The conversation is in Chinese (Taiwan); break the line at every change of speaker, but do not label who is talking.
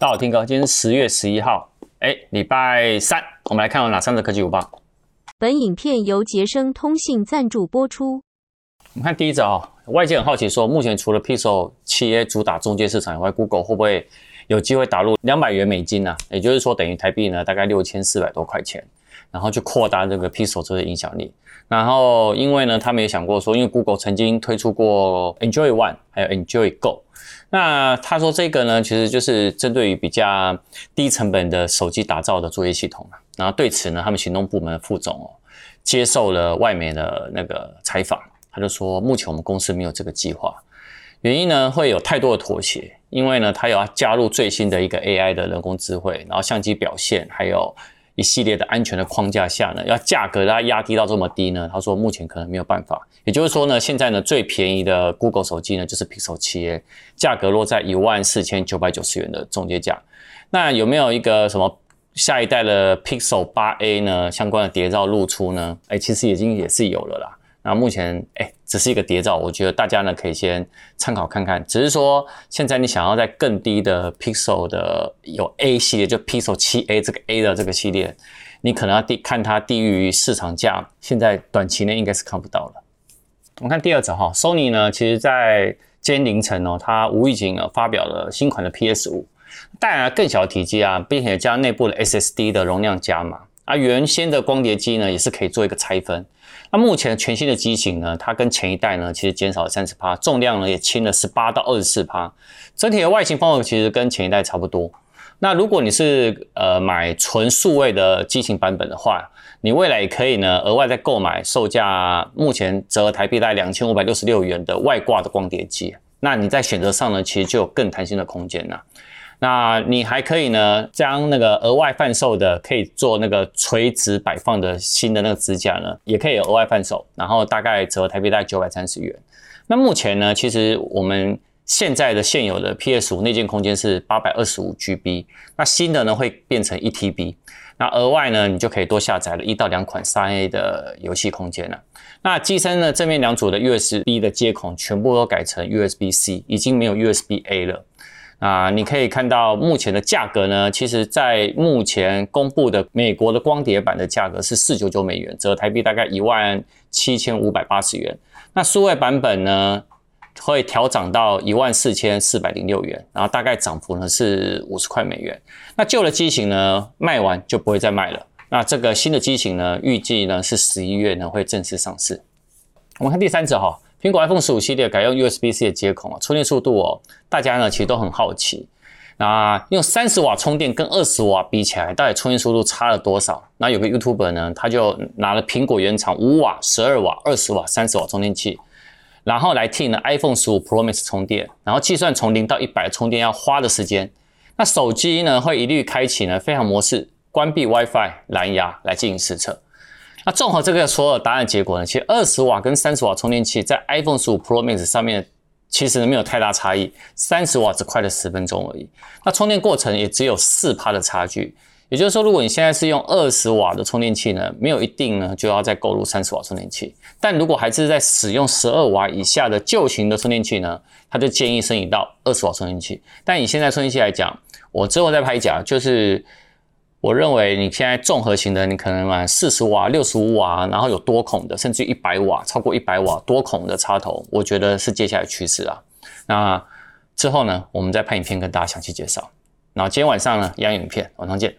大家好，我 Tim 哥，今天是十月十一號，哎，禮拜三，我們來看看哪三則科技午報。本影片由傑昇通信贊助播出。我們看第一則啊、哦，外界很好奇說，目前除了 Pixel 7a 主打中階市場以外，Google 會不會有機會打入兩百元美金呢？啊？也就是說，等於台幣呢，大概六千四百多塊錢。然後去擴大這個 Pixel 手機的影響力。然後，因為呢，他們也想過說，因為 Google 曾經推出過 Enjoy One 還有 Enjoy Go，那他說這個呢，其實就是針對於比較低成本的手機打造的作業系統。然後對此呢，他們行動部門的副總哦接受了外媒的那個採訪，他就說，目前我們公司沒有這個計劃，原因呢，會有太多的妥協，因為呢，他有要加入最新的一個 AI 的人工智慧，然後相機表現還有。一系列的安全的框架下呢，要價格讓它壓低到這麼低呢？他說目前可能沒有辦法。也就是說呢，現在呢最便宜的 Google 手機呢就是 Pixel 7A，價格落在一萬四千九百九十元的中間價。那有沒有一個什麼下一代的 Pixel 8A 呢相關的諜照露出呢？哎、欸，其實已經也是有了啦。那目前哎，只是一個諜照，我覺得大家呢可以先參考看看。只是說，現在你想要在更低的 Pixel 的有 A 系列，就 Pixel 7A 這個 A 的這個系列，你可能要低看它低於市場價，現在短期內應該是看不到了。我們看第二則哈、哦、Sony 呢，其實在今天凌晨哦，它無預警啊發表了新款的 PS5，帶來、啊、更小的體積啊，並且將內部的 SSD 的容量加碼。而、啊、原先的光碟機呢，也是可以做一個拆分。那目前全新的機型呢，它跟前一代呢，其實減少了三十趴，重量呢也輕了十八到二十四趴。整體的外型方面其實跟前一代差不多。那如果你是呃買純數位的機型版本的話，你未來也可以呢額外再購買售價目前折合台幣大概兩千五百六十六元的外掛的光碟機。那你在選擇上呢，其實就有更彈性的空間了。那你還可以呢，將那個額外販售的，可以做那個垂直擺放的新的那個支架呢，也可以額外販售，然後大概折台幣大概九百三十元。那目前呢，其實我們現在的現有的 PS5 內建空間是八百二十五 GB，那新的呢會變成一 TB，那額外呢你就可以多下載了一到兩款三 A 的遊戲空間了。那機身的正面兩組的 USB 的接孔全部都改成 USB-C，已經沒有 USB-A 了。啊，你可以看到目前的價格呢，其實，在目前公布的美國的光碟版的價格是四九九美元，折台幣大概一萬七千五百八十元。那數位版本呢，會調漲到一萬四千四百零六元，然後大概漲幅呢是五十塊美元。那舊的機型呢，賣完就不會再賣了。那這個新的機型呢，預計呢是十一月呢會正式上市。我們看第三者齁。蘋果 iPhone 十五系列改用 USB-C 的接口啊，充電速度哦，大家呢其實都很好奇。那用三十瓦充電跟二十瓦比起來，到底充電速度差了多少？那有個 YouTuber 呢，他就拿了蘋果原廠五瓦、十二瓦、二十瓦、三十瓦充電器，然後來替呢 iPhone 十五 Pro Max 充電，然後計算從零到一百充電要花的時間。那手機呢會一律開啟呢飛行模式，關閉 WiFi、藍牙來進行實測。那綜合這個所有答案的結果呢，其實二十瓦跟三十瓦充電器在 iPhone 十五 Pro Max 上面其實沒有太大差異，三十瓦只快了十分鐘而已。那充電過程也只有四趴的差距，也就是說，如果你現在是用二十瓦的充電器呢，沒有一定呢就要再購入三十瓦充電器。但如果還是在使用十二瓦以下的舊型的充電器呢，它就建議升級到二十瓦充電器。但以現在充電器來講，我之後再拍一講，就是。我認為你現在綜合型的，你可能買四十瓦、六十五瓦，然後有多孔的，甚至一百瓦，超過一百瓦多孔的插頭，我覺得是接下來趨勢啊。那之後呢，我們再拍影片跟大家詳細介紹。那今天晚上呢，一樣影片，晚上見。